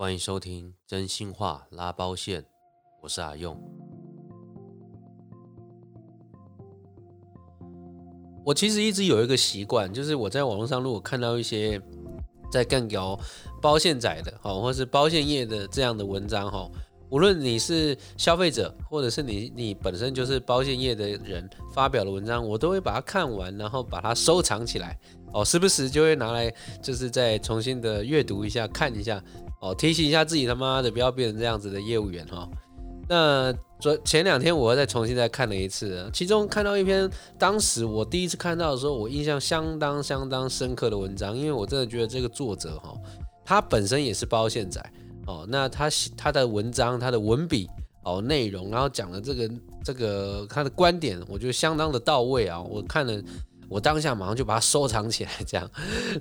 歡迎收聽真心話拉保險，我是阿用。我其實一直有一個習慣，就是我在網絡上如果看到一些在幹譙保險仔的哈，或是保險業的這樣的文章哈，無論你是消費者，或者是你你本身就是保險業的人發表的文章，我都會把它看完，然後把它收藏起來哦，時不時就會拿來就是再重新的閱讀一下，看一下。哦，提醒一下自己，他媽的，不要變成這樣子的業務員哈。那昨前兩天，我又再重新再看了一次，其中看到一篇，當時我第一次看到的時候，我印象相當相當深刻的文章，因為我真的覺得這個作者哈，他本身也是保險仔哦。那他寫他的文章，他的文筆哦，內容，然後講的這個這個他的觀點，我覺得相當的到位啊。我看了。我當下馬上就把它收藏起來，這樣。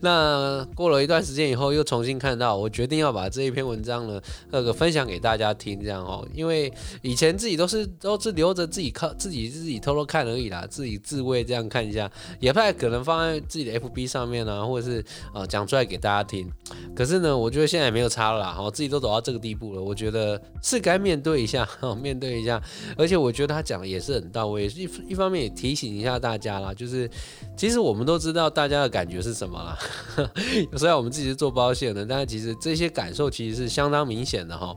那過了一段時間以後，又重新看到，我決定要把這一篇文章呢，那個分享給大家聽，這樣哦。因為以前自己都是都是留着自己看，自己自己偷偷看而已啦，自己自慰這樣看一下，也不太可能放在自己的 FB 上面啊，或者是呃講出來給大家聽。可是呢，我覺得現在也沒有差了啦，我自己都走到這個地步了，我覺得是該面對一下，面對一下。而且我覺得他講的也是很到位，一一方面也提醒一下大家啦，就是。其實我們都知道大家的感覺是什麼了。 雖然我們自己是做保險的，但是其實這些感受其實是相當明顯的哈。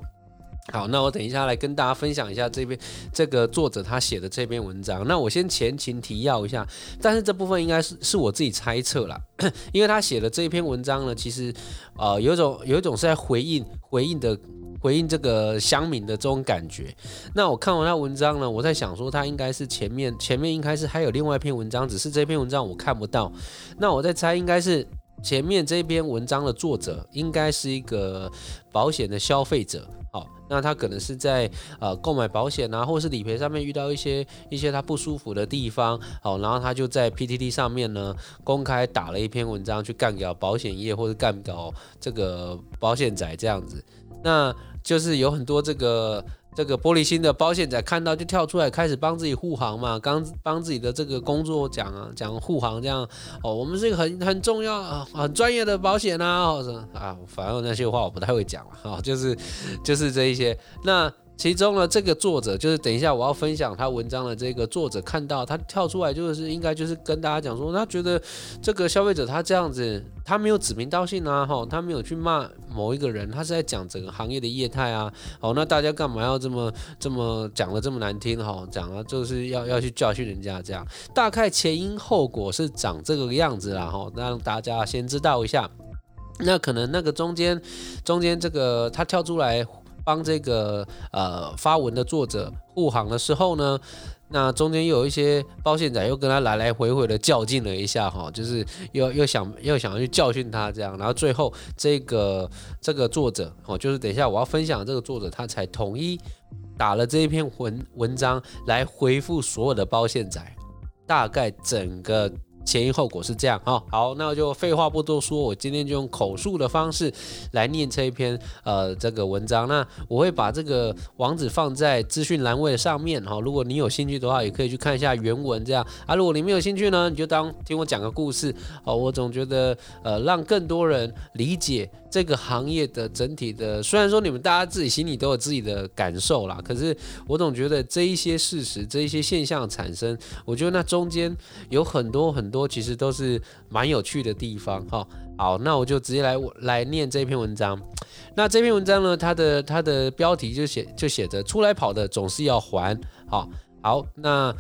好，那我等一下來跟大家分享一下這篇這個作者他寫的這篇文章。那我先前情提要一下，但是這部分應該是是我自己猜測啦， 因為他寫的這篇文章呢，其實，呃，有一種有一種是在回應回應的回應這個鄉民的這種感覺。那我看完他文章呢，我在想說他應該是前面前面應該是還有另外一篇文章，只是這篇文章我看不到。那我在猜，應該是前面這篇文章的作者應該是一個保險的消費者。好、哦。那他可能是在呃購買保險啊，或是理賠上面遇到一些一些他不舒服的地方，好，然後他就在 PTT 上面呢公開打了一篇文章去幹掉保險業，或者幹掉這個保險仔這樣子，那就是有很多這個。這個玻璃心的保險仔看到就跳出來開始幫自己護航嘛，剛幫自己的這個工作講啊講護航這樣哦，我們是一個很很重要啊很專業的保險吶、啊啊，啊反正那些話我不太會講了。好，就是就是這一些那。其中呢，這個作者就是等一下我要分享他文章的這個作者看到他跳出來，就是應該就是跟大家講說，他覺得這個消費者他這樣子，他沒有指名道姓啊，吼，他沒有去罵某一個人，他是在講整個行業的業態啊，哦，那大家幹嘛要這麼這麼講的這麼難聽吼，講了就是要要去教訓人家這樣，大概前因後果是長這個樣子了。吼，讓大家先知道一下，那可能那個中間中間這個他跳出來。幫這個呃發文的作者護航的時候呢，那中間又有一些保險仔又跟他來來回回的較勁了一下哈，就是又又想又想要去教訓他這樣，然後最後這個這個作者哦，就是等一下我要分享這個作者，他才統一打了這一篇文文章來回復所有的保險仔，大概整個。前因後果是這樣啊，好，那我就廢話不多說，我今天就用口述的方式來念這一篇呃這個文章。那我會把這個網址放在資訊欄位的上面哈，如果你有興趣的話，也可以去看一下原文這樣啊。如果你沒有興趣呢，你就當聽我講個故事哦。我總覺得呃讓更多人理解。這個行業的整體的，雖然說你們大家自己心裡都有自己的感受啦，可是我總覺得這一些事實、這一些現象產生，我覺得那中間有很多很多，其實都是蠻有趣的地方。哈，好，好，那我就直接來我來念這篇文章。那這篇文章呢，它的它的標題就寫就寫着“出來跑的總是要還”。哈，好，好，那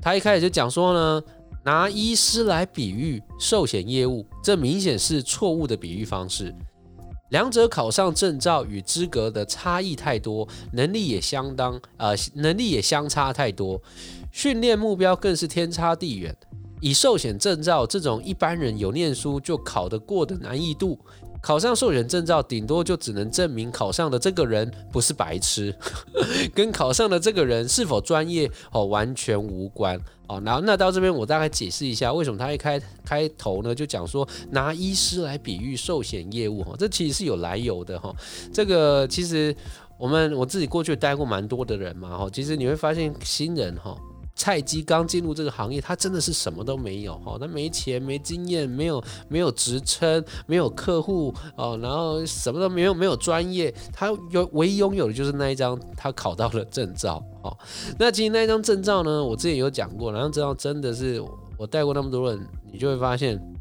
他一開始就講說呢，拿醫師來比喻壽險業務，這明顯是錯誤的比喻方式。兩者考上證照與資格的差異太多，能力也相當，呃，能力也相差太多，訓練目標更是天差地遠。以壽險證照這種一般人有念書就考得過的難易度，考上壽險證照，頂多就只能證明考上的這個人不是白痴，呵呵，跟考上的這個人是否專業哦完全無關哦。然後那到這邊，我大概解釋一下，為什麼他一開開頭呢，就講說拿醫師來比喻壽險業務哦，這其實是有來由的哦。這個其實我們我自己過去待過蠻多的人嘛哈、哦，其實你會發現新人哈。哦菜雞剛進入這個行業，他真的是什麼都沒有哈，他沒錢、沒經驗、沒有沒有職稱、沒有客戶哦，然後什麼都沒有，沒有專業，他有唯一擁有的就是那一張他考到了證照哈。那其實那一張證照呢，我之前有講過，然後證照真的是我帶過那麼多人，你就會發現。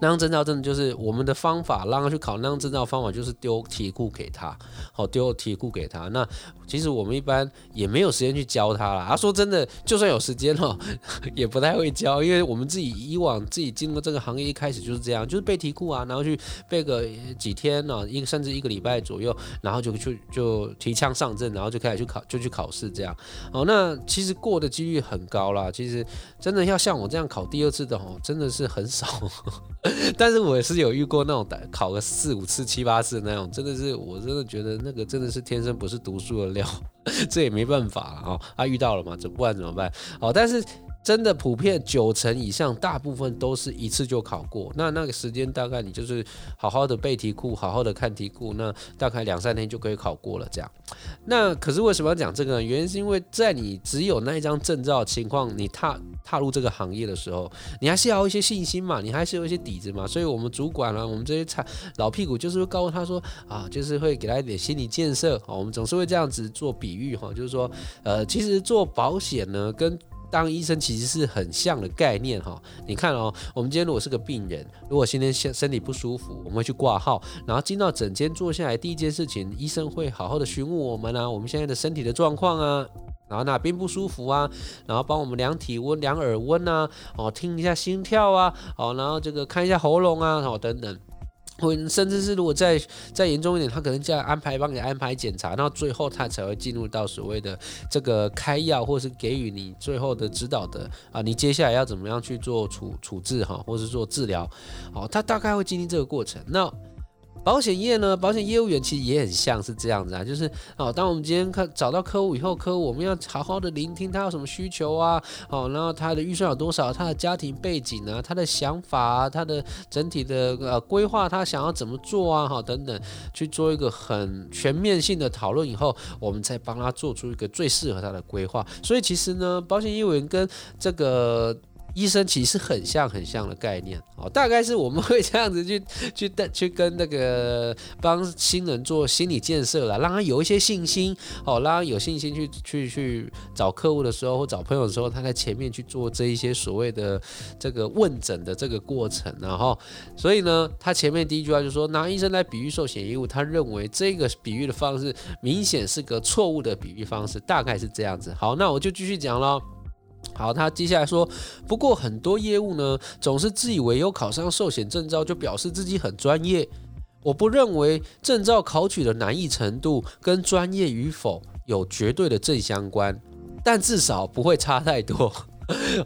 那張證照真的就是我們的方法，讓他去考，那張證照方法就是丟題庫給他，好，丟題庫給他。那其實我們一般也沒有時間去教他啦、啊，說真的，就算有時間哦、喔，也不太會教，因為我們自己以往自己進入這個行業一開始就是這樣，就是背題庫啊，然後去背個幾天、喔、一個甚至一個禮拜左右，然後就就就提槍上陣，然後就開始去考，就去考試這樣。哦、喔，那其實過的幾率很高啦。其實真的要像我這樣考第二次的哦、喔，真的是很少。但是我也是有遇過那種考個四五次、七八次的那種，真的是，我真的覺得那個真的是天生不是讀書的料，這也沒辦法啊，他遇到了嘛，怎不管怎麼辦？好，但是。真的普遍九成以上，大部分都是一次就考過。那那個時間大概你就是好好的背題庫，好好的看題庫，那大概兩三天就可以考過了。這樣，那可是為什麼要講這個呢？原因是因為在你只有那一張證照情況，你踏踏入這個行業的時候，你還是要一些信心嘛，你還是有一些底子嘛。所以，我們主管啊，我們這些老屁股就是會告訴他說啊，就是會給他一點心理建設啊。我們總是會這樣子做比喻哈，就是說，呃，其實做保險呢跟當醫生其實是很像的概念哈，哦，你看哦，我們今天如果是個病人，如果今天身身體不舒服，我們會去掛號，然後進到診間坐下來，第一件事情，醫生會好好的詢問我們啊，我們現在的身體的狀況啊，然後哪邊不舒服啊，然後幫我們量體溫、量耳溫啊，哦，聽一下心跳啊，哦，然後這個看一下喉嚨啊，哦，等等。甚至是如果再再嚴重一點，他可能就要安排幫你安排檢查，那最後他才會進入到所謂的這個開藥，或是給予你最後的指導的啊，你接下來要怎麼樣去做處處置哈，或是做治療，好，他大概會經歷這個過程。那。保險業呢，保險業務員其實也很像是這樣子啊，就是哦，當我們今天看找到客戶以後，客戶我們要好好的聆聽他有什麼需求啊，哦，然後他的預算有多少，他的家庭背景啊，他的想法啊，他的整體的呃規劃，他想要怎麼做啊，好、哦、等等，去做一個很全面性的討論以後，我們再幫他做出一個最適合他的規劃。所以其實呢，保險業務員跟這個。醫生其實很像很像的概念哦，大概是我們會這樣子去去帶去跟那個幫新人做心理建設了，讓他有一些信心。好，讓他有信心去去去找客戶的時候或找朋友的時候，他在前面去做這一些所謂的這個問診的這個過程。然後所以呢，他前面第一句話就是說拿醫生來比喻壽險業務，他認為這個比喻的方式明顯是個錯誤的比喻方式，大概是這樣子。好，那我就繼續講了。好，他接下來說，不過很多業務呢，總是自以為有考上壽險證照就表示自己很專業。我不認為證照考取的難易程度跟專業與否有絕對的正相關，但至少不會差太多。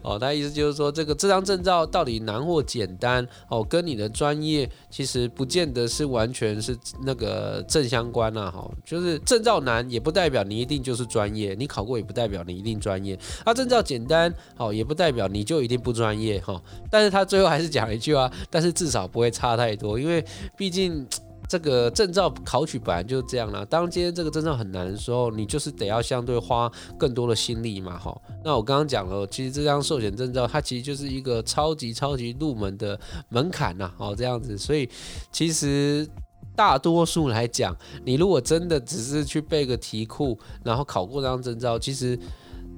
哦，他意思就是說，這個這張證照到底難或簡單哦，跟你的專業其實不見得是完全是那個正相關吶、啊，哈、哦，就是證照難也不代表你一定就是專業，你考過也不代表你一定專業，啊，證照簡單，好、哦，也不代表你就一定不專業，哈、哦，但是他最後還是講一句啊，但是至少不會差太多，因為畢竟。這個證照考取本來就是這樣啦，啊。當今天這個證照很難的時候，你就是得要相對花更多的心力嘛，哈。那我剛剛講了，其實這張壽險證照它其實就是一個超級超級入門的門檻吶，哦，這樣子。所以其實大多數來講，你如果真的只是去背個題庫，然後考過這張證照，其實。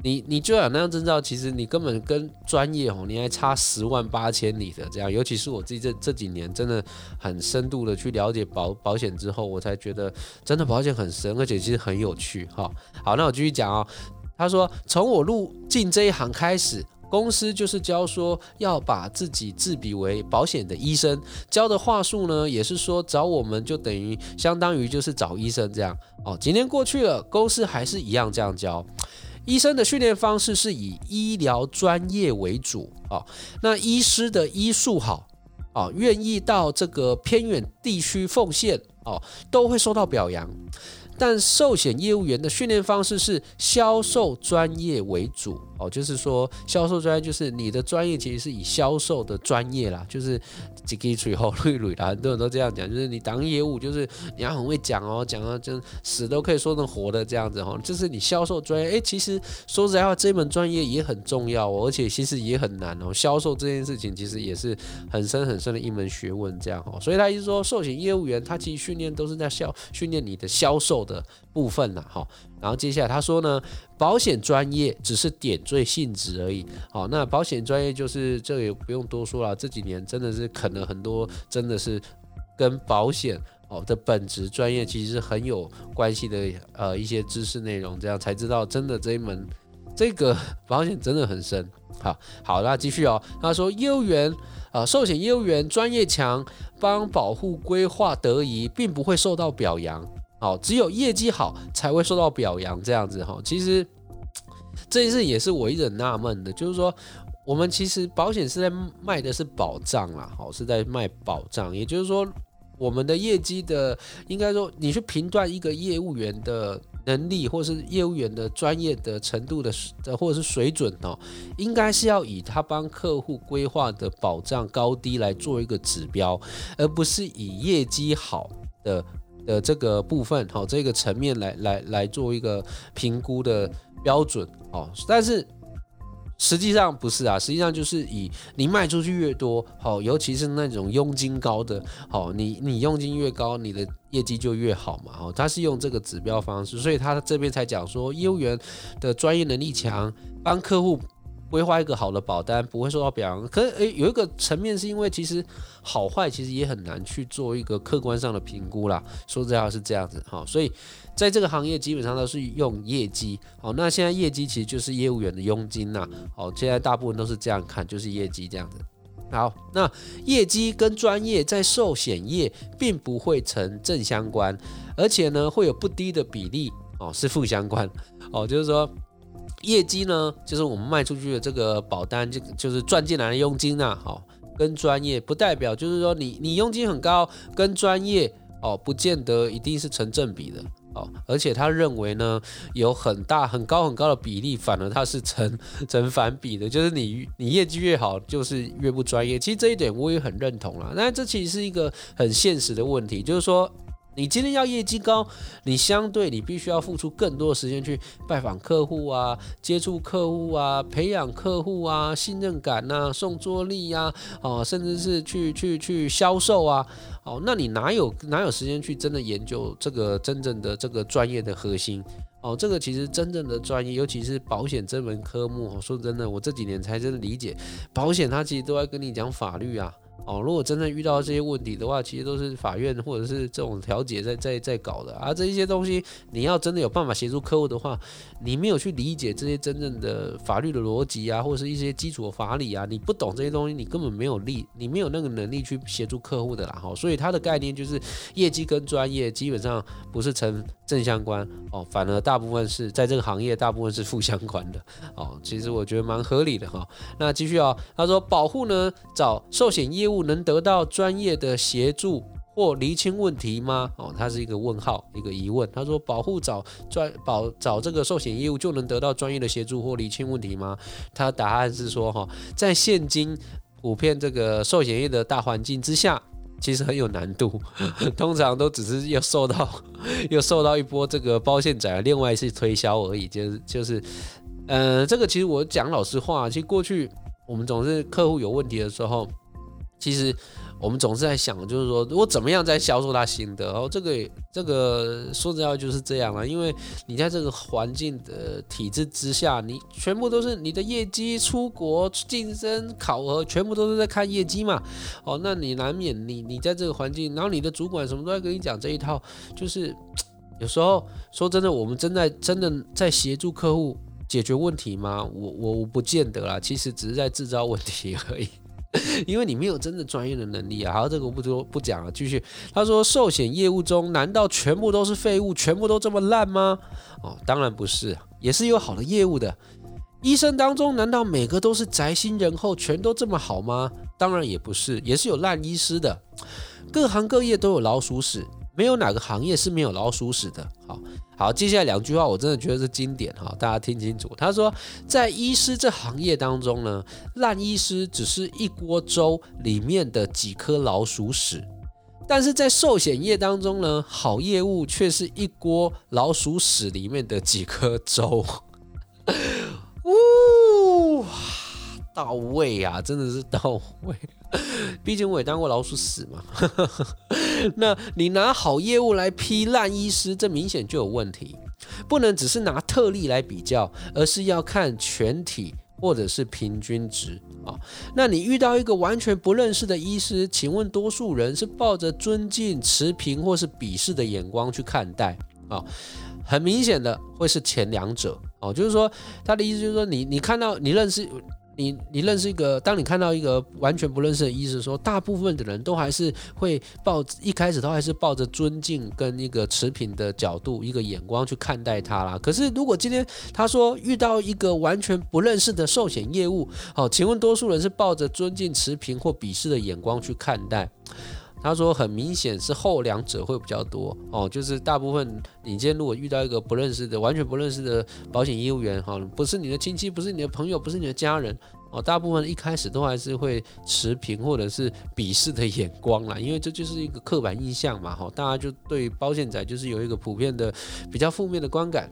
你你就想那張證照，其實你根本跟專業哦，你還差十萬八千里的這樣。尤其是我自己這這幾年，真的很深度的去了解保保險之後，我才覺得真的保險很深，而且其實很有趣哈、哦。好，那我繼續講啊、哦。他說，從我入進這一行開始，公司就是教說要把自己自比為保險的醫生，教的話術呢，也是說找我們就等於相當於就是找醫生這樣。哦，幾年過去了，公司還是一樣這樣教。醫生的訓練方式是以醫療專業為主啊，那醫師的醫術好啊，願意到這個偏遠地區奉獻哦，都會受到表揚。但壽險業務員的訓練方式是銷售專業為主哦、喔，就是說銷售專業，就是你的專業其實是以銷售的專業啦，就是一支嘴胡瑞瑞啦，很多人都這樣講，就是你當業務，就是你要很會講哦，講到就死都可以說成活的這樣子哦、喔。就是你銷售專業，哎，其實說實在話，這門專業也很重要，哦，而且其實也很難哦。銷售這件事情其實也是很深很深的一門學問，這樣哦、喔。所以他一直說壽險業務員，他其實訓練都是在銷訓練你的銷售。的部分了哈，然後接下來他說呢，保險專業只是點綴性質而已，好，那保險專業就是這也不用多說了，這幾年真的是啃了很多，真的是跟保險哦的本質專業其實是很有關係的，呃，一些知識內容，這樣才知道真的這一門這個保險真的很深，好，好，那繼續哦，他說業務員啊，壽險業務員專業強，幫保戶規劃得宜，並不會受到表揚。好，只有業績好才會受到表揚，這樣子哈。其實這一次也是我一直納悶的，就是說，我們其實保險是在賣的是保障啦，好，是在賣保障，也就是說，我們的業績的，應該說，你去評斷一個業務員的能力，或是業務員的專業的程度的，或者是水準哦，應該是要以他幫客戶規劃的保障高低來做一個指標，而不是以業績好的。的這個部分，好，這個層面來來來做一個評估的標準，哦，但是實際上不是啊，實際上就是以你賣出去越多，好，尤其是那種佣金高的，好，你你佣金越高，你的業績就越好嘛，哦，他是用這個指標方式，所以他這邊才講說業務員的專業能力強，幫客戶。規劃一個好的保單不會受到表揚，可是哎，有一個層面是因為其實好壞其實也很難去做一個客觀上的評估啦，說實話是這樣子哈、哦，所以在這個行業基本上都是用業績，好、哦，那現在業績其實就是業務員的佣金吶、啊，好、哦，現在大部分都是這樣看，就是業績這樣子。好，那業績跟專業在壽險業並不會成正相關，而且呢會有不低的比例哦是負相關，哦，就是說。業績呢，就是我們賣出去的這個保單，就就是賺進來的佣金啊，好，哦，跟專業不代表就是說你你佣金很高，跟專業哦，不見得一定是成正比的哦。而且他認為呢，有很大很高很高的比例，反而它是成成反比的，就是你你業績越好，就是越不專業。其實這一點我也很認同啦。那這其實是一個很現實的問題，就是說。你今天要業績高，你相對你必須要付出更多時間去拜訪客戶啊，接觸客戶啊，培養客戶啊，信任感吶、啊，送作力呀，哦，甚至是去去去銷售啊，哦，那你哪有哪有時間去真的研究這個真正的這個專業的核心？哦，這個其實真正的專業，尤其是保險這門科目，說真的，我這幾年才真的理解，保險它其實都在跟你講法律啊。哦，如果真的遇到這些問題的話，其實都是法院或者是這種調解在在在搞的啊。這一些東西，你要真的有辦法協助客戶的話，你沒有去理解這些真正的法律的邏輯啊，或者是一些基礎的法理啊，你不懂這些東西，你根本沒有力，你沒有那個能力去協助客戶的啦。哈，所以他的概念就是業績跟專業基本上不是成正相關哦，反而大部分是在這個行業大部分是負相關的。哦，其實我覺得蠻合理的哈。那繼續啊、哦，他說保護呢，找壽險業務。不能得到專業的協助或釐清問題嗎？哦，他是一個問號，一個疑問。他說保：“保護找專保找這個壽險業務，就能得到專業的協助或釐清問題嗎？”他答案是說：“哈、哦，在現今普遍這個壽險業的大環境之下，其實很有難度。通常都只是要受到又受到一波這個包線仔，另外是推銷而已。就是、就是，嗯、呃，這個其實我講老實話，其實過去我們總是客戶有問題的時候。”其實我們總是在想，就是說，我怎麼樣在銷售他心得？哦，這個這個說實話就是這樣啦，因為你在這個環境的體制之下，你全部都是你的業績、出國、晉升、考核，全部都是在看業績嘛。哦，那你難免你你在這個環境，然後你的主管什麼都在跟你講這一套，就是有時候說真的，我們真的真的在協助客戶解決問題嗎？我我不見得啦，其實只是在制造問題而已。因為你沒有真的專業的能力啊！好，這個我不多不講了，繼續。他說，壽險業務中難道全部都是廢物，全部都這麼爛嗎？哦，當然不是，也是有好的業務的。醫生當中難道每個都是宅心仁厚，全都這麼好嗎？當然也不是，也是有爛醫師的。各行各業都有老鼠屎。沒有哪個行業是沒有老鼠屎的。好好，接下來兩句話，我真的覺得是經典哈，大家聽清楚。他說，在醫師這行業當中呢，爛醫師只是一鍋粥裡面的幾顆老鼠屎，但是在壽險業當中呢，好業務卻是一鍋老鼠屎裡面的幾顆粥。 到位啊，真的是到位。畢竟我也當過老鼠屎嘛。 那你拿好業務來批爛醫師，這明顯就有問題。不能只是拿特例來比較，而是要看全體或者是平均值啊。那你遇到一個完全不認識的醫師，請問多數人是抱着尊敬、持平或是鄙視的眼光去看待啊？很明顯的會是前兩者哦。就是說，他的意思就是說，你你看到你認識。你你認識一個，當你看到一個完全不認識的醫生，說大部分的人都還是會抱一開始都還是抱着尊敬跟一個持平的角度一個眼光去看待他啦。可是如果今天他說遇到一個完全不認識的壽險業務，好，請問多數人是抱着尊敬、持平或鄙視的眼光去看待？他說：“很明顯是後兩者會比較多哦，就是大部分你今天如果遇到一個不認識的、完全不認識的保險業務員哈，不是你的親戚，不是你的朋友，不是你的家人哦，大部分一開始都還是會持平或者是鄙視的眼光啦，因為這就是一個刻板印象嘛哈，大家就對於保險仔就是有一個普遍的比較負面的觀感。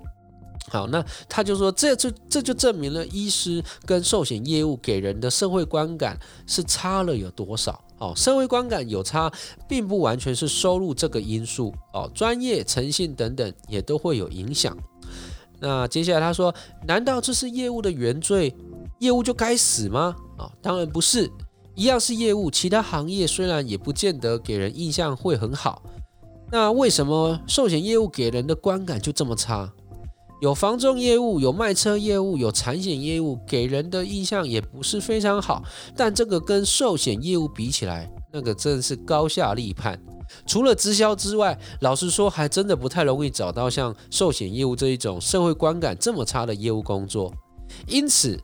好，那他就說這就這就證明了醫師跟壽險業務給人的社會觀感是差了有多少。”哦，社會觀感有差，並不完全是收入這個因素哦，專業、誠信等等也都會有影響。那接下來他說，難道這是業務的原罪，業務就該死嗎？哦，當然不是，一樣是業務，其他行業雖然也不見得給人印象會很好，那為什麼壽險業務給人的觀感就這麼差？有房仲業務，有賣車業務，有產險業務，給人的印象，也不是非常好。但這個跟壽險業務比起來，那個真是高下立判。除了直銷之外，老實說，還真的不太容易找到像壽險業務這一種社會觀感這麼差的業務工作。因此，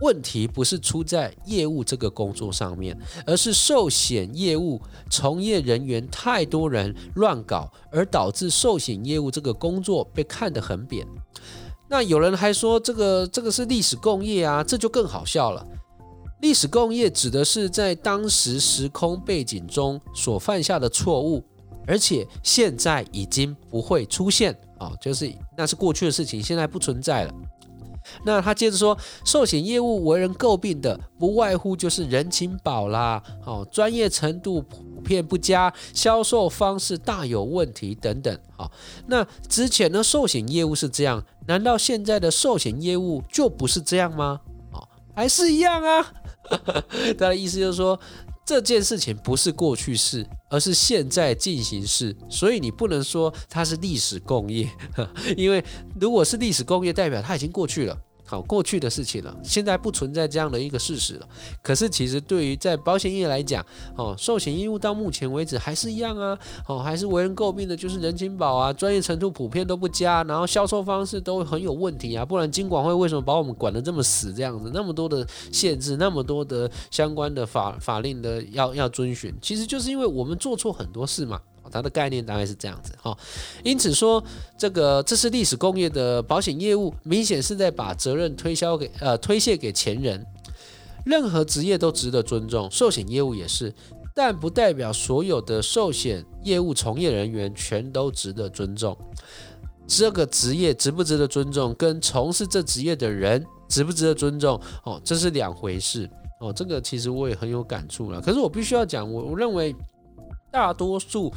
問題不是出在業務這個工作上面，而是壽險業務從業人員太多人亂搞，而導致壽險業務這個工作被看得很扁。那有人還說這個這個是歷史共業啊，這就更好笑了。歷史共業指的是在當時時空背景中所犯下的錯誤，而且現在已經不會出現啊、哦，就是那是過去的事情，現在不存在了。那他接着說，壽險業務為人詬病的，不外乎就是人情保啦，哦，專業程度普遍不佳，銷售方式大有問題等等，哦。那之前的壽險業務是這樣，難道現在的壽險業務就不是這樣嗎？哦，還是一樣啊。 他的意思就是說，這件事情不是過去式。而是現在進行式，所以你不能說它是歷史共業，哈，因為如果是歷史共業，代表它已經過去了。好，過去的事情了，啊，現在不存在這樣的一個事實了。可是，其實對於在保險業來講，哦，壽險業務到目前為止還是一樣啊，哦，還是為人詬病的，就是人情保啊，專業程度普遍都不佳，然後銷售方式都很有問題啊。不然金管會為什麼把我們管得這麼死這樣子？那麼多的限制，那麼多的相關的法法令的要要遵循，其實就是因為我們做錯很多事嘛。它的概念大概是這樣子哈、哦，因此說，這個這是歷史共業的保險業務，明顯是在把責任推銷給呃推卸給前人。任何職業都值得尊重，壽險業務也是，但不代表所有的壽險業務從業人員全都值得尊重。這個職業值不值得尊重，跟從事這職業的人值不值得尊重哦，這是兩回事哦。這個其實我也很有感觸了，可是我必須要講，我我認為。大多數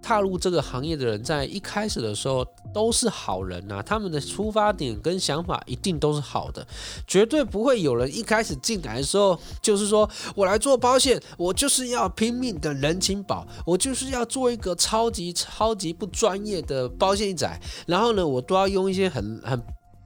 踏入這個行業的人，在一開始的時候都是好人吶、啊，他們的出發點跟想法一定都是好的，絕對不會有人一開始進來的時候就是說，我來做保險，我就是要拼命的人情保，我就是要做一個超級超級不專業的保險仔，然後呢，我都要用一些很很。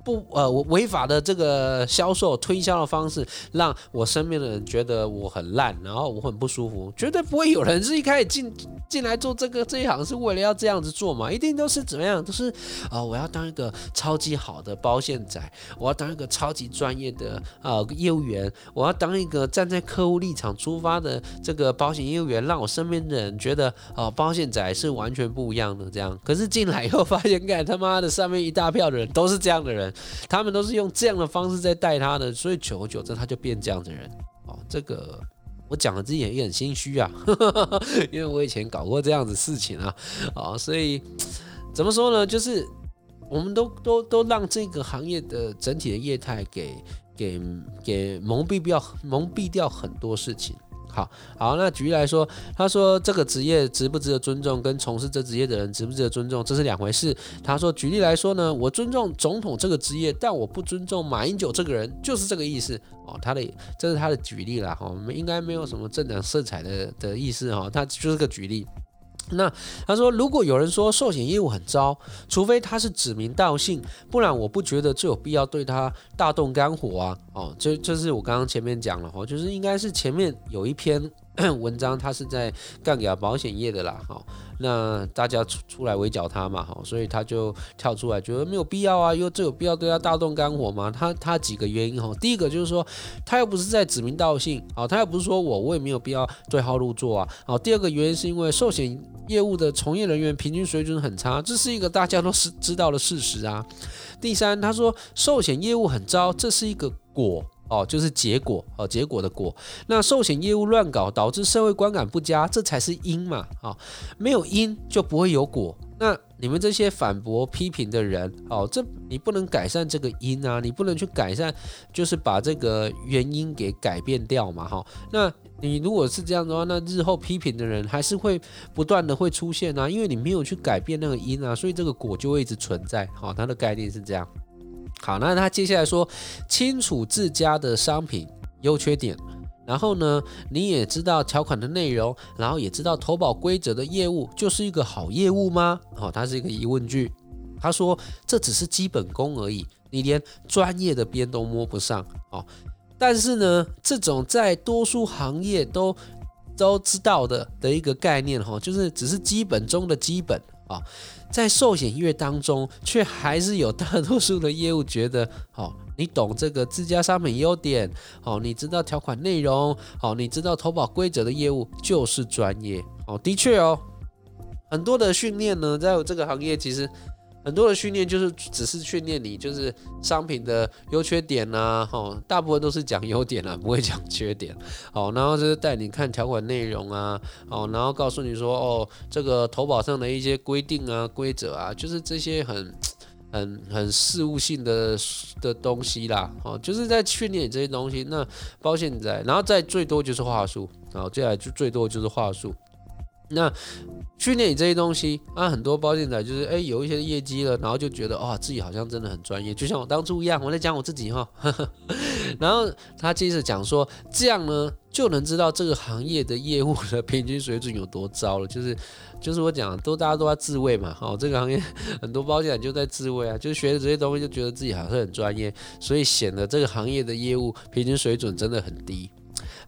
不呃，我違法的這個銷售推銷的方式，讓我身邊的人覺得我很爛，然後我很不舒服。絕對不會有人是一開始進進來做這個這一行是為了要這樣子做嘛，一定都是怎麼樣？都是啊、呃，我要當一個超級好的保險仔，我要當一個超級專業的呃業務員，我要當一個站在客戶立場出發的這個保險業務員，讓我身邊的人覺得呃保險仔是完全不一樣的這樣。可是進來以後發現，幹他媽的上面一大票的人都是這樣的人。他們都是用這樣的方式在帶他的，所以久而久之他就變這樣的人哦。這個我講了自己也很心虛啊呵呵呵，因為我以前搞過這樣子事情啊，哦，所以怎麼說呢？就是我們都都都讓這個行業的整體的業態給給給蒙蔽掉，蒙蔽掉很多事情。好好，那舉例來說，他說這個職業值不值得尊重，跟從事這職業的人值不值得尊重，這是兩回事。他說，舉例來說呢，我尊重總統這個職業，但我不尊重馬英九這個人，就是這個意思哦。他的這是他的舉例了哈，哦、我們應該沒有什麼政黨色彩的的意思哈，哦、他就是個舉例。那他說，如果有人說壽險業務很糟，除非他是指名道姓，不然我不覺得這有必要對他大動肝火啊。哦，這這、就是我剛剛前面講了哈,就是應該是前面有一篇 文章，他是在槓呀保險業的啦。哈、哦，那大家出出來圍剿他嘛。哈、哦，所以他就跳出來，覺得沒有必要啊，因為這有必要對他大動肝火嗎？他他幾個原因哈、哦，第一個就是說，他又不是在指名道姓啊，他、哦、又不是說我我也沒有必要對號入座啊。哦，第二個原因是因為壽險。業務的從業人員平均水準很差，這是一個大家都是知道的事實啊。第三，他說壽險業務很糟，這是一個果哦，就是結果哦，結果的果。那壽險業務亂搞，導致社會觀感不佳，這才是因嘛啊，沒有因就不會有果。你們這些反駁批評的人，哦，這你不能改善這個因啊，你不能去改善，就是把這個原因給改變掉嘛，哈、哦。那你如果是這樣的話，那日後批評的人還是會不斷的會出現啊，因為你沒有去改變那個因啊，所以這個果就會一直存在，哈、哦。它的概念是這樣。好，那他接下來說清楚自家的商品優缺點。然後呢，你也知道條款的內容，然後也知道投保規則的業務，就是一個好業務嗎？哦，它是一個疑問句。他說這只是基本功而已，你連專業的邊都摸不上哦，但是呢，這種在多數行業都都知道的的一個概念，哈、哦，就是只是基本中的基本啊、哦，在壽險業當中，卻還是有大多數的業務覺得，哦你懂這個自家商品優點哦，你知道條款內容哦，你知道投保規則的業務就是專業哦。的確哦，很多的訓練呢，在我這個行業其實很多的訓練就是只是訓練你就是商品的優缺點吶哦，大部分都是講優點啊，不會講缺點哦。然後就是帶你看條款內容啊哦，然後告訴你說哦，這個投保上的一些規定啊、規則啊，就是這些很。很很事務性的的東西啦，哦，就是在訓練你這些東西。那包括現在，然後再最多就是話術，然後接下來就最多就是話術。那訓練你這些東西啊，很多包建仔就是哎有一些業績了，然後就覺得哇、哦、自己好像真的很專業，就像我當初一樣，我在講我自己哈。然後他接着講說，這樣呢就能知道這個行業的業務的平均水準有多糟了，就是就是我講都大家都在自慰嘛，哦這個行業很多包建仔就在自慰啊，就學的這些東西就覺得自己好像很專業，所以顯得這個行業的業務平均水準真的很低。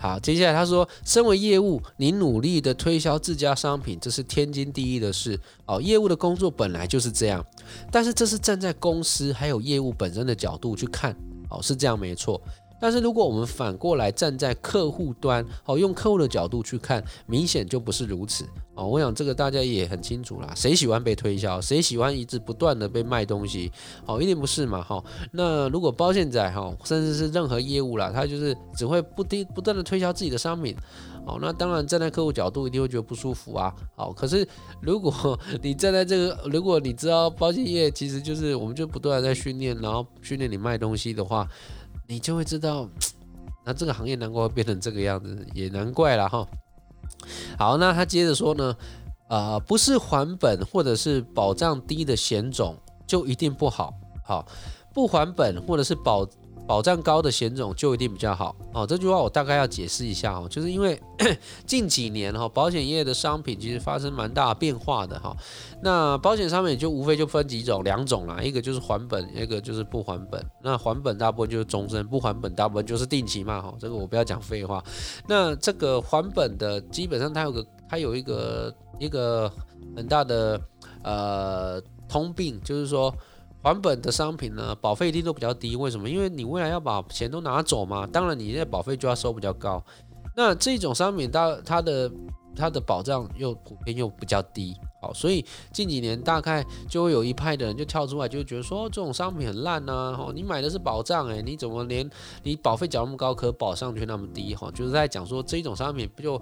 好，接下來他說，身為業務，你努力的推銷自家商品，這是天經地義的事哦。業務的工作本來就是這樣，但是這是站在公司還有業務本身的角度去看哦，是這樣沒錯。但是如果我們反過來站在客戶端，好，用客戶的角度去看，明顯就不是如此啊！我想這個大家也很清楚啦，誰喜歡被推銷？誰喜歡一直不斷的被賣東西？哦，一定不是嘛！哈，那如果保險業哈，甚至是任何業務啦，它就是只會不停不斷的推銷自己的商品，哦，那當然站在客戶角度一定會覺得不舒服啊！哦，可是如果你站在這個，如果你知道保險業其實就是我們就不斷的在訓練，然後訓練你賣東西的話。你就會知道，那這個行業難怪會變成這個樣子，也難怪了哈。好，那他接着說呢，呃，不是還本或者是保障低的險種就一定不好，好，不還本或者是保保障高的險種就一定比較好哦。這句話我大概要解釋一下哦，就是因為 近幾年哈，保險業的商品其實發生蠻大變化的哈。那保險商品就無非就分幾種、兩種啦，一個就是還本，一個就是不還本。那還本大部分就是終身，不還本大部分就是定期嘛哈。這個我不要講廢話。那這個還本的基本上它有個它有一個一個很大的呃通病，就是說。還本的商品呢，保費一定都比較低，為什麼？因為你未來要把錢都拿走嘛。當然，你這保費就要收比較高。那這種商品它，它它的它的保障又普遍又比較低，好，所以近幾年大概就會有一派的人就跳出來，就覺得說、哦、這種商品很爛吶、啊。哦，你買的是保障、欸，誒，你怎麼連你保費繳那麼高，可保上去那麼低？吼，就是在講說這種商品不就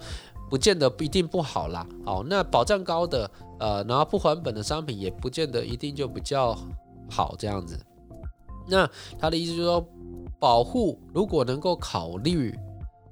不見得不一定不好啦。好，那保障高的，呃，然後不還本的商品也不見得一定就比較。好，這樣子，那他的意思就是說，保護如果能夠考慮，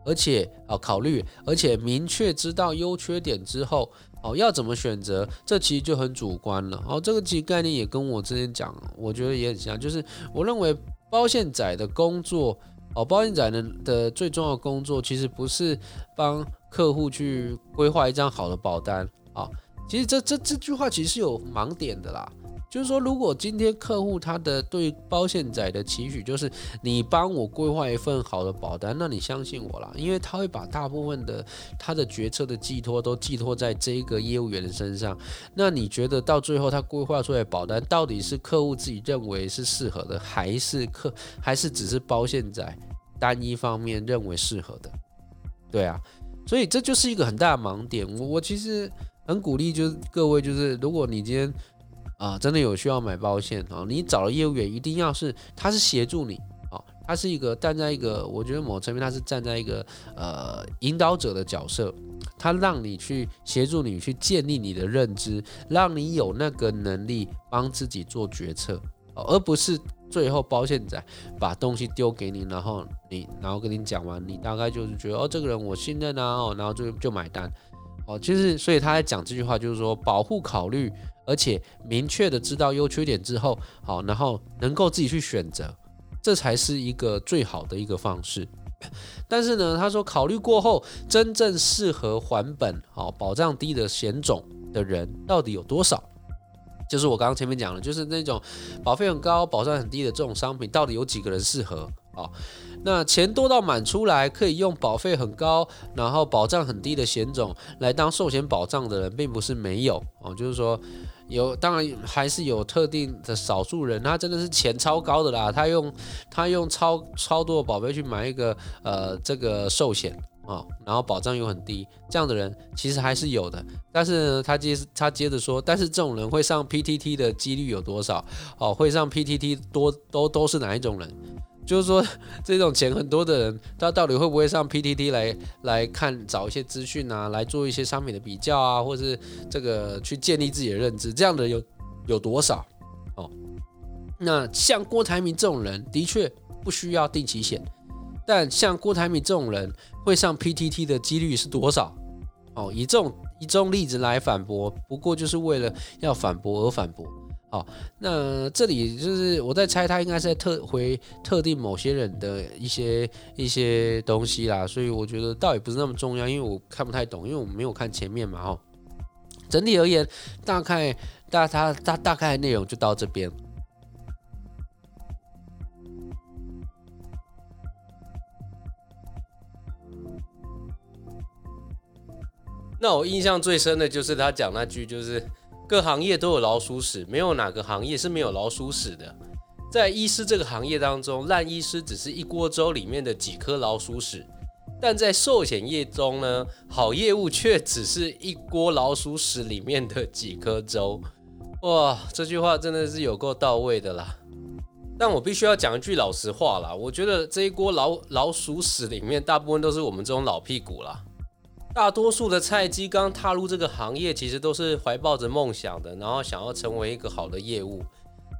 而且啊考慮，而且明確知道優缺點之後，哦，要怎麼選擇，這其實就很主觀了。哦，這個其實概念也跟我之前講，我覺得也很像，就是我認為保險仔的工作，哦，保險仔的的最重要的工作其實不是幫客戶去規劃一張好的保單啊，其實這這這句話其實是有盲點的啦。就是說，如果今天客戶他的對保險仔的期許就是你幫我規劃一份好的保單，那你相信我啦，因為他會把大部分的他的決策的寄託都寄託在這個業務員身上。那你覺得到最後他規劃出來保單到底是客戶自己認為是適合的，還是客還是只是保險仔單一方面認為適合的？對啊，所以這就是一個很大的盲點。我我其實很鼓勵，就是各位，就是如果你今天。啊，真的有需要買保險啊，哦？你找的業務員一定要是，他是協助你啊，他、哦、是一個站在一個，我覺得某層面他是站在一個呃引導者的角色，他讓你去協助你去建立你的認知，讓你有那個能力幫自己做決策，哦、而不是最後保險仔把東西丟給你，然後你然後跟你講完，你大概就是覺得哦這個人我信任啊哦，然後就就買單哦，就是所以他在講這句話就是說保護考慮。而且明確的知道優缺點之後，好，然後能夠自己去選擇，這才是一個最好的一個方式。但是呢，他說考慮過後，真正適合還本好保障低的險種的人到底有多少？就是我剛剛前面講的，就是那種保費很高，保障很低的這種商品，到底有幾個人適合啊？好。那錢多到滿出來，可以用保費很高，然後保障很低的險種來當壽險保障的人，並不是沒有哦。就是說，有，當然還是有特定的少數人，他真的是錢超高的啦，他用他用超超多的保費去買一個呃這個壽險啊，哦，然後保障又很低，這樣的人其實還是有的。但是呢，他接他接着說，但是這種人會上 PTT 的幾率有多少？哦，會上 PTT 多都都是哪一種人？就是說，這種錢很多的人，他到底會不會上 PTT 來來看、找一些資訊啊，來做一些商品的比較啊，或是這個去建立自己的認知？這樣的有有多少？哦，那像郭台銘這種人，的確不需要定期險，但像郭台銘這種人會上 PTT 的幾率是多少？哦，以這種以這種例子來反駁，不過就是為了要反駁而反駁。哦，那這裡就是我在猜，他應該是在特回特定某些人的一些一些東西啦，所以我覺得倒也不是那麼重要，因為我看不太懂，因為我沒有看前面嘛。哦，整體而言，大概大他大大概的內容就到這邊。那我印象最深的就是他講那句就是。各行業都有老鼠屎，沒有哪個行業是沒有老鼠屎的。在醫師這個行業當中，爛醫師只是一鍋粥裡面的幾顆老鼠屎；但在壽險業中呢，好業務卻只是一鍋老鼠屎裡面的幾顆粥。哇，這句話真的是有夠到位的啦！但我必須要講一句老實話啦，我覺得這一鍋老老鼠屎裡面，大部分都是我們這種老屁股啦。大多數的菜雞剛踏入這個行業，其實都是懷抱着夢想的，然後想要成為一個好的業務。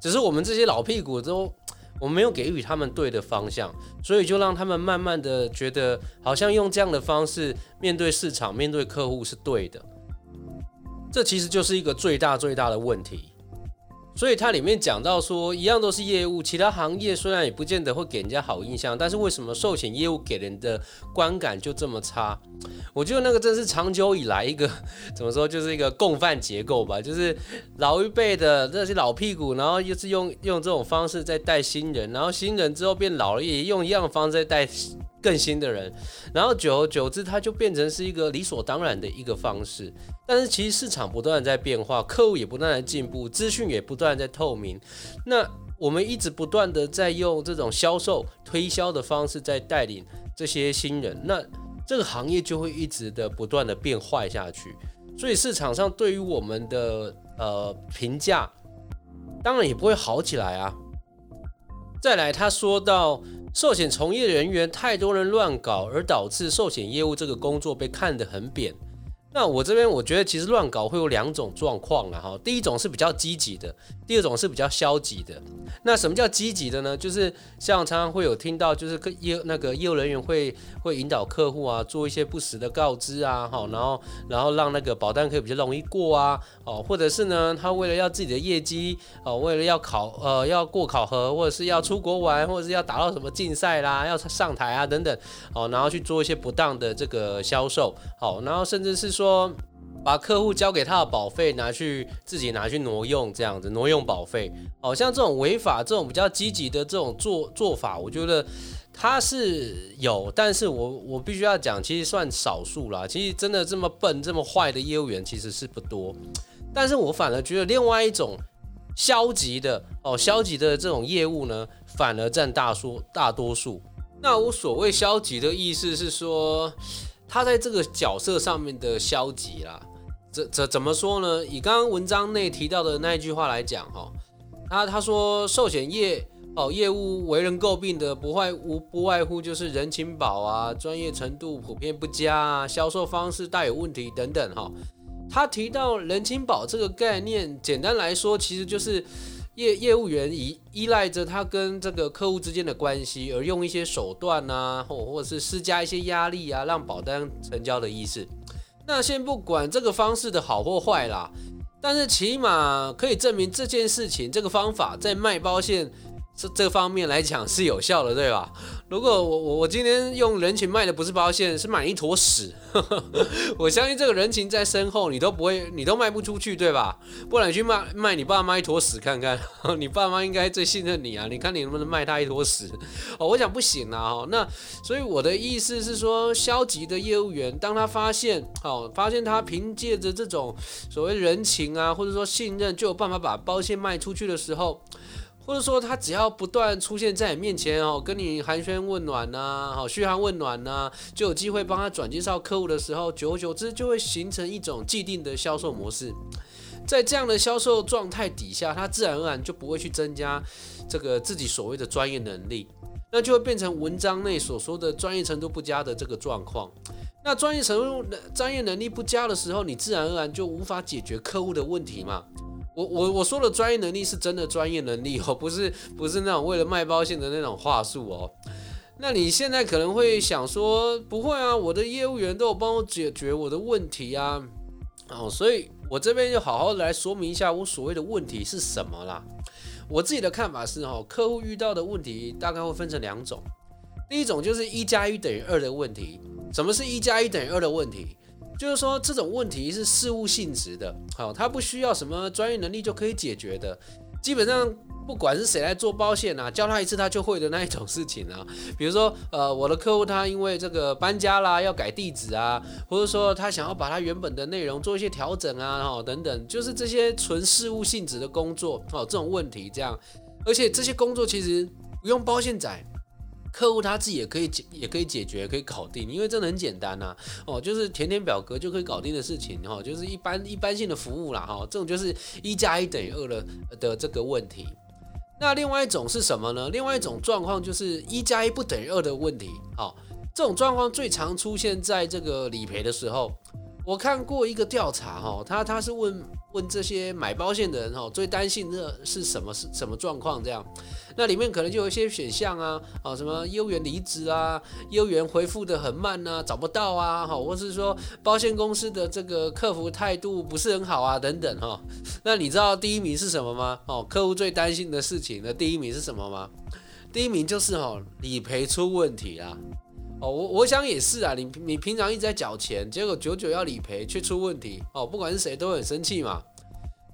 只是我們這些老屁股都，我們沒有給予他們對的方向，所以就讓他們慢慢的覺得，好像用這樣的方式面對市場、面對客戶是對的。這其實就是一個最大最大的問題。所以它裡面講到說，一樣都是業務，其他行業雖然也不見得會給人家好印象，但是為什麼壽險業務給人的觀感就這麼差？我覺得那個真是長久以來一個怎麼說，就是一個共犯結構吧，就是老一輩的那些老屁股，然後又是用用這種方式在帶新人，然後新人之後變老了也用一樣方式在帶更新的人，然後久而久之，它就變成是一個理所當然的一個方式。但是其實市場不斷在變化，客戶也不斷在進步，資訊也不斷在透明，那我們一直不斷的在用這種銷售推銷的方式在帶領這些新人，那。這個行業就會一直的不斷的變壞下去，所以市場上對於我們的呃評價，當然也不會好起來啊。再來，他說到壽險從業人員太多人亂搞，而導致壽險業務這個工作被看得很扁。那我這邊我覺得其實亂搞會有兩種狀況啊，哈，第一種是比較積極的，第二種是比較消極的。那什麼叫積極的呢？就是像常常會有聽到，就是業那個業務人員會會引導客戶啊，做一些不實的告知啊，哈，然後然後讓那個保單可以比較容易過啊，哦，或者是呢，他為了要自己的業績哦，為了要考呃要過考核，或者是要出國玩，或者是要達到什麼競賽啦，要上台啊等等，哦，然後去做一些不當的這個銷售，好，然後甚至是說。說把客戶交給他的保費拿去自己拿去挪用，這樣子挪用保費，好、哦、像這種違法、這種比較積極的這種做做法，我覺得他是有，但是我我必須要講，其實算少數啦。其實真的這麼笨、這麼壞的業務員其實是不多，但是我反而覺得另外一種消極的哦，消極的這種業務呢，反而佔大數大多數。那我所謂消極的意思是說。他在這個角色上面的消極啦、啊，這這怎麼說呢？以剛剛文章內提到的那一句話來講哈，啊他，他說壽險業哦業務為人詬病的不外無不外乎就是人情保啊，專業程度普遍不佳啊，銷售方式大有問題等等哈。他提到人情保這個概念，簡單來說其實就是。業業務員以依依賴着他跟這個客戶之間的關係，而用一些手段啊，或或者是施加一些壓力啊，讓保單成交的意思。那先不管這個方式的好或壞啦，但是起碼可以證明這件事情，這個方法在賣保險。這這方面來講是有效的，對吧？如果我我我今天用人情賣的不是保險，是買一坨屎呵呵，我相信這個人情再深厚，你都不會，你都賣不出去，對吧？不然你去賣賣你爸媽一坨屎看看，你爸媽應該最信任你啊！你看你能不能賣他一坨屎？哦，我想不行啊！哦，那所以我的意思是說，消極的業務員，當他發現哦，發現他憑借着這種所謂人情啊，或者說信任，就有辦法把保險賣出去的時候。或者說他只要不斷出現在你面前哦，跟你寒暄問暖吶、啊，好噓寒問暖吶、啊，就有機會幫他轉介紹客戶的時候，久而久之就會形成一種既定的銷售模式。在這樣的銷售狀態底下，他自然而然就不會去增加這個自己所謂的專業能力，那就會變成文章內所說的專業程度不佳的這個狀況。那專業程度專業能力不佳的時候，你自然而然就無法解決客戶的問題嘛。我我我說的專業能力是真的專業能力哦、喔，不是不是那種為了賣保險的那種話術哦。那你現在可能會想說，不會啊，我的業務員都有幫我解決我的問題啊。哦，所以我這邊就好好的來說明一下我所謂的問題是什麼啦。我自己的看法是哦、喔，客戶遇到的問題大概會分成兩種，第一種就是一加一等於二的問題。什麼是一加一等於二的問題？就是說，這種問題是事務性質的，好，它不需要什麼專業能力就可以解決的。基本上，不管是誰來做保險啊，教他一次他就會的那一種事情啊。比如說，呃，我的客戶他因為這個搬家啦、啊，要改地址啊，或者說他想要把他原本的內容做一些調整啊，哈、哦，等等，就是這些純事務性質的工作，好、哦，這種問題這樣，而且這些工作其實不用保險仔。客戶他自己也可以解，也可以解決，可以搞定，因為真的很簡單吶、啊，哦，就是填填表格就可以搞定的事情，哈、哦，就是一般一般性的服務啦，哈、哦，這種就是一加一等於二了的這個問題。那另外一種是什麼呢？另外一種狀況就是一加一不等於二的問題，好、哦，這種狀況最常出現在這個理賠的時候。我看過一個調查，哈、哦，他他是問。問這些買保險的人哈，最擔心的是什麼？是什麼狀況？這樣，那裡面可能就有一些選項啊，啊，什麼業務員離職啊，業務員回覆得很慢啊，找不到啊，哈，或是說保險公司的這個客服態度不是很好啊，等等哈。那你知道第一名是什麼嗎？哦，客戶最擔心的事情的第一名是什麼嗎？第一名就是哈理賠出問題啦、啊。哦，我我想也是啊。你你平常一直在繳錢，結果久久要理賠卻出問題哦，不管是誰都會很生氣嘛。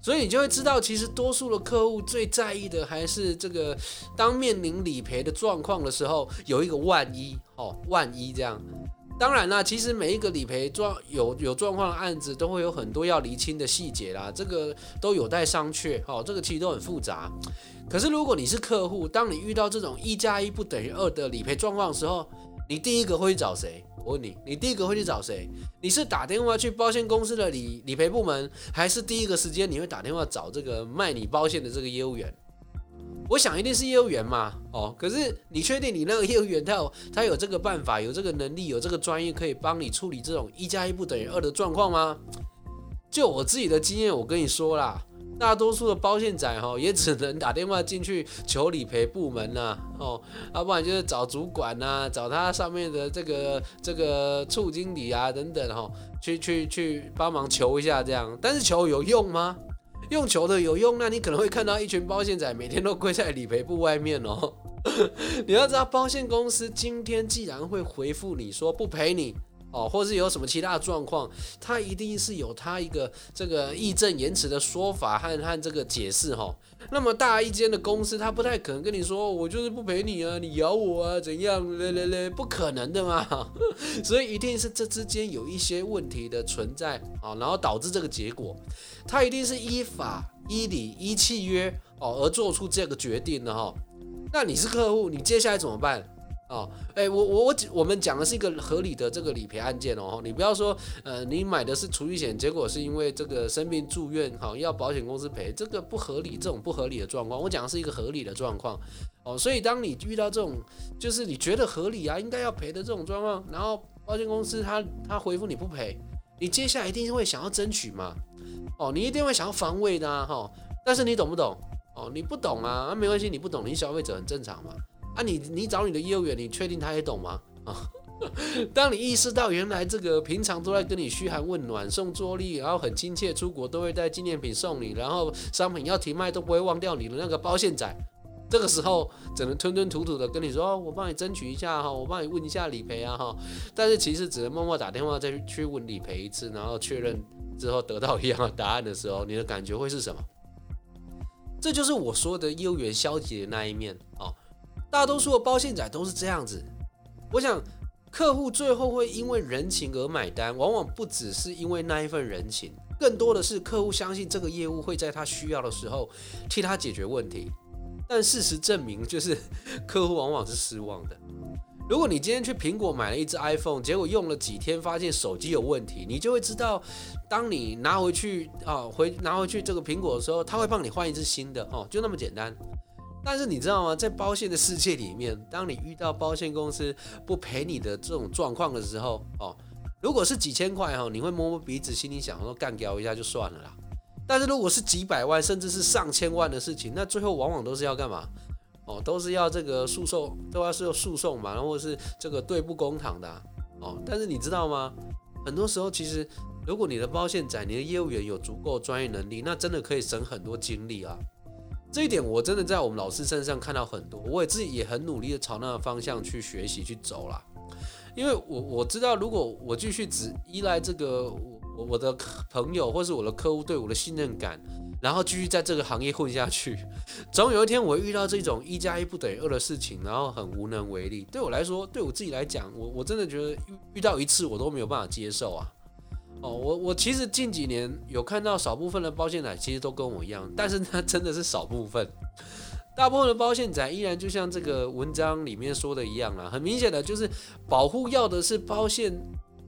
所以你就會知道，其實多數的客戶最在意的還是這個，當面臨理賠的狀況的時候，有一個萬一哦，萬一這樣。當然啦，其實每一個理賠狀有有狀況的案子，都會有很多要釐清的細節啦，這個都有待商榷哦。這個其實都很複雜。可是如果你是客戶，當你遇到這種一加一不等於二的理賠狀況的時候，你第一個會去找誰？我問你，你第一個會去找誰？你是打電話去保險公司的理理賠部門，還是第一個時間你會打電話找這個賣你保險的這個業務員？我想一定是業務員嘛。哦，可是你確定你那個業務員他有他有這個辦法，有這個能力，有這個專業可以幫你處理這種一加一不等於二的狀況嗎？就我自己的經驗，我跟你說啦。大多數的保險仔哈，也只能打電話進去求理賠部門吶、啊，哦，要不然就是找主管啊，找他上面的這個這個處經理啊等等哈，去去去幫忙求一下這樣，但是求有用嗎？用求的有用，那你可能會看到一群保險仔每天都跪在理賠部外面哦。 你要知道，保險公司今天既然會回復你說不賠你。哦，或者是有什麼其他的狀況，他一定是有他一個這個義正言辭的說法和和這個解釋哈。那麼大一間的公司，他不太可能跟你說我就是不賠你啊，你咬我啊，怎樣，雷雷雷雷，不可能的嘛， 所以一定是這之間有一些問題的存在啊，然後導致這個結果，他一定是依法依理依契約哦而做出這個決定的哈。那你是客戶，你接下來怎麼辦？哦，哎、欸，我我我講，我們講的是一個合理的這個理賠案件哦，你不要說，呃，你買的是儲蓄險，結果是因為這個生病住院，哈、哦，要保險公司賠，這個不合理，這種不合理的狀況，我講的是一個合理的狀況，哦，所以當你遇到這種，就是你覺得合理啊，應該要賠的這種狀況，然後保險公司他他回復你不賠，你接下來一定會想要爭取嘛，哦，你一定會想要防衛的哈、啊哦，但是你懂不懂？哦，你不懂啊，那、啊、沒關係，你不懂，你消費者很正常嘛。啊你，你你找你的業務員，你確定他也懂嗎？啊， 當你意識到原來這個平常都在跟你噓寒問暖、送桌曆，然後很親切，出國都會帶紀念品送你，然後商品要停賣都不會忘掉你的那個保險仔，這個時候只能吞吞吐吐，吐的跟你說，我幫你爭取一下哈，我幫你問一下理賠啊哈，但是其實只能默默打電話再去問理賠一次，然後確認之後得到一樣的答案的時候，你的感覺會是什麼？這就是我說的業務員消極的那一面哦。大多數的保險仔都是這樣子。我想，客戶最後會因為人情而買單，往往不只是因為那一份人情，更多的是客戶相信這個業務會在他需要的時候替他解決問題。但事實證明，就是客戶往往是失望的。如果你今天去蘋果買了一支 iPhone，結果用了幾天發現手機有問題，你就會知道，當你拿回去啊，回拿回去這個蘋果的時候，他會幫你換一支新的哦，就那麼簡單。但是你知道嗎？在保險的世界裡面，當你遇到保險公司不賠你的這種狀況的時候，哦，如果是幾千塊哦，你會摸摸鼻子，心裡想說幹掉一下就算了啦。但是如果是幾百萬，甚至是上千萬的事情，那最後往往都是要幹嘛？哦，都是要這個訴訟，都要是有訴訟嘛，然後是這個對簿公堂的、啊。哦，但是你知道嗎？很多時候其實，如果你的保險在，你的業務員有足夠專業能力，那真的可以省很多精力啊。這一點我真的在我們老師身上看到很多，我也自己也很努力的朝那個方向去學習去走啦。因為我我知道，如果我繼續只依賴這個我我的朋友或是我的客戶對我的信任感，然後繼續在這個行業混下去，總有一天我會遇到這種一加一不等於二的事情，然後很無能為力。對我來說，對我自己來講，我我真的覺得遇到一次我都沒有辦法接受啊。哦，我我其實近幾年有看到少部分的保險仔，其實都跟我一樣，但是那真的是少部分，大部分的保險仔依然就像這個文章裡面說的一樣啦、啊，很明顯的就是保戶要的是保險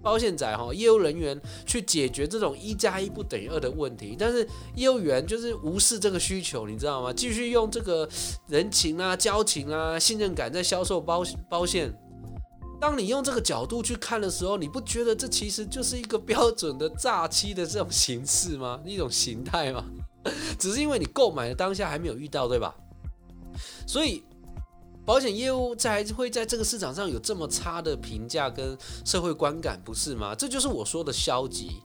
保險仔哈，業務人員去解決這種一加一不等於二的問題，但是業務員就是無視這個需求，你知道嗎？繼續用這個人情啊、交情啊、信任感在銷售保保險。當你用這個角度去看的時候，你不覺得這其實就是一個標準的詐欺的這種形式嗎？一種形態嗎？只是因為你購買的當下還沒有遇到，對吧？所以保險業務才會在這個市場上有這麼差的評價跟社會觀感，不是嗎？這就是我說的消極。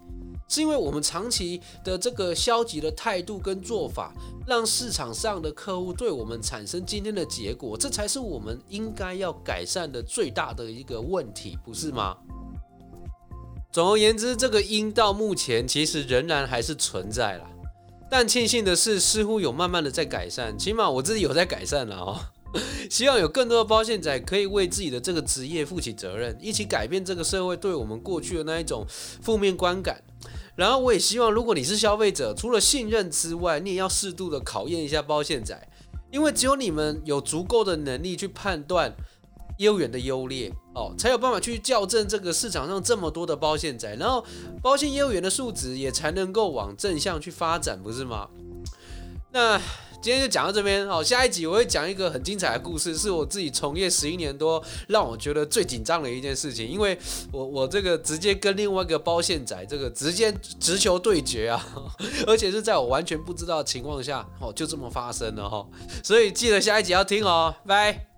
是因為我們長期的這個消極的態度跟做法，讓市場上的客戶對我們產生今天的結果，這才是我們應該要改善的最大的一個問題，不是嗎？總而言之，這個因到目前其實仍然還是存在了，但慶幸的是，似乎有慢慢的在改善，起碼我自己有在改善了哦。 希望有更多的保險仔可以為自己的這個職業負起責任，一起改變這個社會對我們過去的那一種負面觀感。然後我也希望，如果你是消費者，除了信任之外，你也要適度地考驗一下保險仔，因為只有你們有足夠的能力去判斷業務員的優劣，哦，才有辦法去校正這個市場上這麼多的保險仔，然後保險業務員的素質也才能夠往正向去發展，不是嗎？那。今天就講到這邊哦，下一集我會講一個很精彩的故事，是我自己從業十一年多讓我覺得最緊張的一件事情，因為我我這個直接跟另外一個包線仔這個直接直球對決啊，而且是在我完全不知道的情況下哦，就這麼發生了哦。所以記得下一集要聽哦，拜。